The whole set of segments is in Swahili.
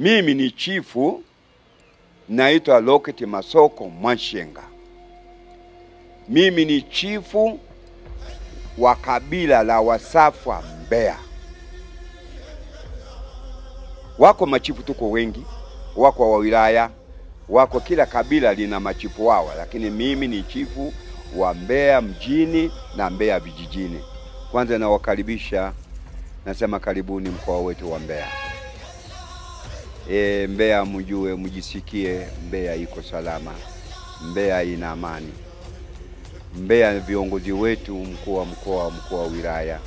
Mimi ni chifu, naitwa Loketi Masoko Mwashenga. Mimi ni chifu wa kabila la Wasafwa Mbeya. Wako machifu, tuko wengi, wako wa wilaya, wako kila kabila lina machifu wao, lakini mimi ni chifu wa Mbeya mjini na Mbeya vijijini. Kwanza nawakaribisha, nasema karibuni mkoa wetu wa Mbeya e, Mbeya mjue, mjisikie Mbeya iko salama, Mbeya ina amani. Mbeya viongozi wetu, mkuu wa mkoa, mkuu wa wilaya,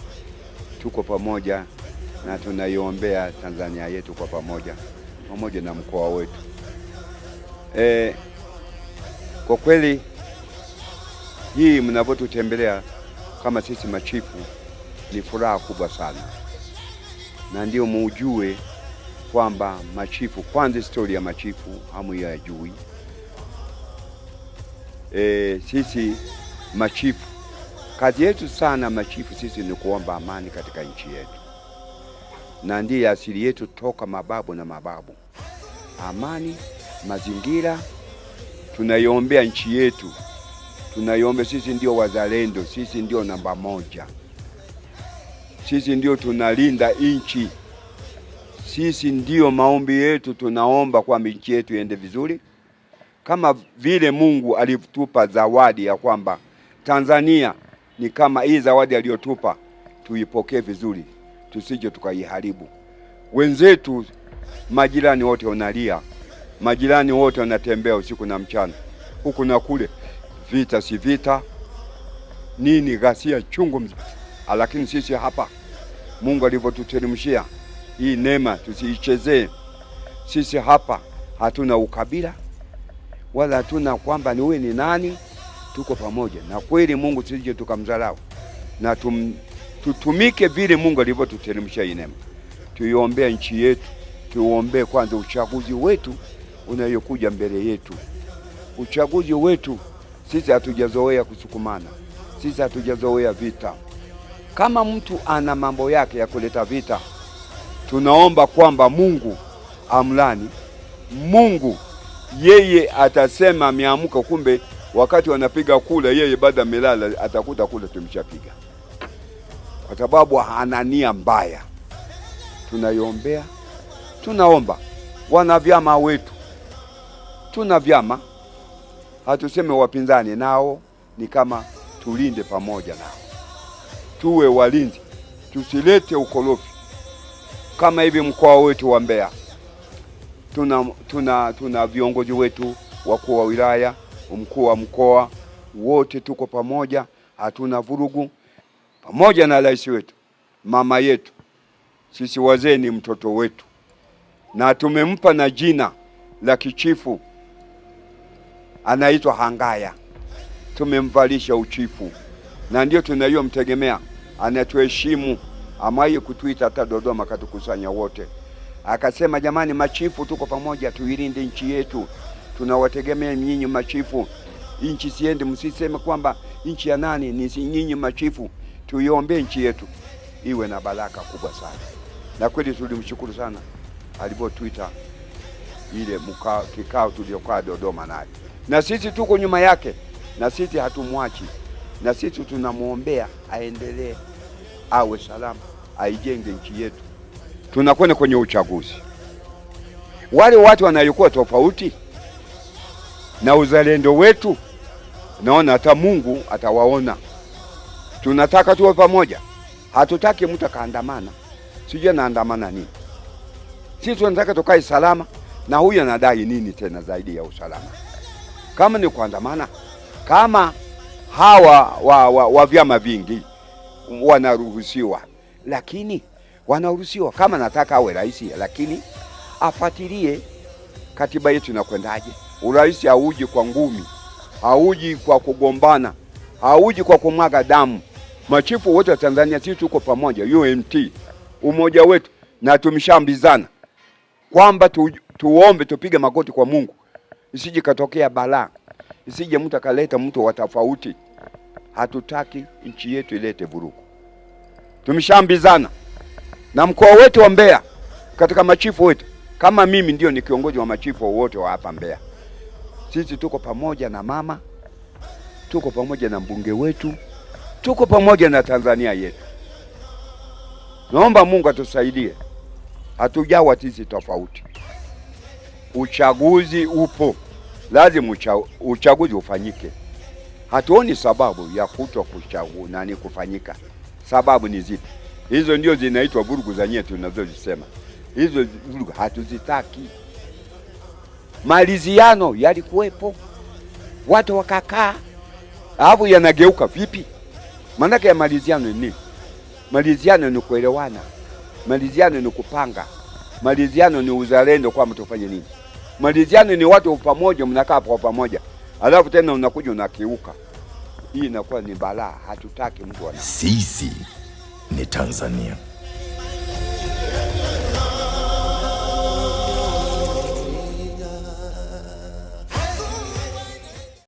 tuko pamoja na tunaiombea Tanzania yetu kwa pamoja, pamoja na mkoa wetu e, kwa kweli hii mnavyotutembelea kama sisi machifu ni furaha kubwa sana, na ndio muujue kwamba machifu kwanza, historia ya machifu hamu ya e, sisi machifu kazi yetu sana machifu sisi ni kuomba amani katika nchi yetu, na ndiyo asili yetu toka mababu na mababu. Amani, mazingira tunaiombea nchi yetu, tunaiombea sisi. Ndio wazalendo, sisi ndio namba moja, sisi ndio tunalinda nchi sisi ndiyo maombi yetu, tunaomba kwamba nchi yetu iende vizuri, kama vile Mungu alitupa zawadi ya kwamba Tanzania ni kama hii zawadi aliyotupa, tuipokee vizuri, tusije tukaiharibu. Wenzetu majirani wote wanalia, majirani wote wanatembea usiku na mchana, huku na kule, vita si vita nini, ghasia chungu, lakini sisi hapa Mungu alivyotuteremshia hii neema tusiichezee. Sisi hapa hatuna ukabila wala hatuna kwamba ni wewe ni nani, tuko pamoja na kweli. Mungu tusije tukamdharau na tum, tutumike vile Mungu alivyotuteremsha hii neema. Tuiombea nchi yetu, tuombee kwanza uchaguzi wetu unayokuja mbele yetu. Uchaguzi wetu sisi hatujazoea kusukumana, sisi hatujazoea vita. Kama mtu ana mambo yake ya kuleta vita tunaomba kwamba Mungu amlani. Mungu yeye atasema ameamka, kumbe wakati wanapiga kula yeye bado amelala, atakuta kula tumeshapiga, kwa sababu ana nia mbaya. Tunaiombea, tunaomba wana vyama wetu, tuna vyama, hatuseme wapinzani nao, ni kama tulinde pamoja nao, tuwe walinzi, tusilete ukorofi kama hivi mkoa wetu wa Mbeya tuna, tuna, tuna viongozi wetu wakuu wa wilaya, mkuu wa mkoa, wote tuko pamoja, hatuna vurugu, pamoja na rais wetu, mama yetu. Sisi wazee ni mtoto wetu, na tumempa na jina la kichifu, anaitwa Hangaya. Tumemvalisha uchifu na ndio tunayomtegemea, anatuheshimu amwaye kutuita hata Dodoma katukusanya wote, akasema jamani, machifu tuko pamoja, tuilinde nchi yetu, tunawategemea nyinyi machifu. Nchi siende, msiseme kwamba nchi ya nani, ni nyinyi machifu. Tuiombee nchi yetu iwe na baraka kubwa sana, na kweli tulimshukuru sana alipotuita ile kikao tuliokaa Dodoma naye, na sisi tuko nyuma yake, na sisi hatumwachi, na sisi tunamwombea aendelee awe salama aijenge nchi yetu. Tunakwenda kwenye uchaguzi, wale watu wanayokuwa tofauti na uzalendo wetu, naona hata Mungu atawaona. Tunataka tuwe pamoja, hatutaki mtu akaandamana, sijui anaandamana nini. Sisi tunataka tukae salama, na huyu anadai nini tena zaidi ya usalama? Kama ni kuandamana, kama hawa wa, wa, wa vyama vingi wanaruhusiwa lakini wanaruhusiwa kama nataka awe rais, lakini afatilie katiba yetu inakwendaje. Urais hauji kwa ngumi, hauji kwa kugombana, hauji kwa kumwaga damu. Machifu wote wa Tanzania, sisi tuko pamoja, UMT, umoja wetu, na tumshambizana kwamba tu, tuombe tupige magoti kwa Mungu isije katokea balaa, isije mtu akaleta mtu wa tofauti. Hatutaki nchi yetu ilete vurugu tumeshaambizana na mkoa wetu wa Mbeya katika machifu wetu, kama mimi ndio ni kiongozi wa machifu wote wa hapa Mbeya. Sisi tuko pamoja na mama, tuko pamoja na mbunge wetu, tuko pamoja na Tanzania yetu. Naomba Mungu atusaidie, hatujawa sisi tofauti. Uchaguzi upo, lazima ucha, uchaguzi ufanyike. Hatuoni sababu ya kuto kuchagua nani kufanyika. Sababu ni zipi? Hizo ndio zinaitwa vurugu nyeti tunazozisema. Hizo vurugu hatuzitaki. Maliziano yalikuwepo, watu wakakaa, alafu yanageuka vipi? Maanake ya maliziano ni nini? Maliziano ni kuelewana, maliziano ni kupanga, maliziano ni uzalendo, mtu ufanye nini. Maliziano ni watu pamoja, mnakaa kwa pamoja, alafu tena unakuja unakiuka hii inakuwa ni balaa, hatutaki mtu ana. Sisi ni Tanzania.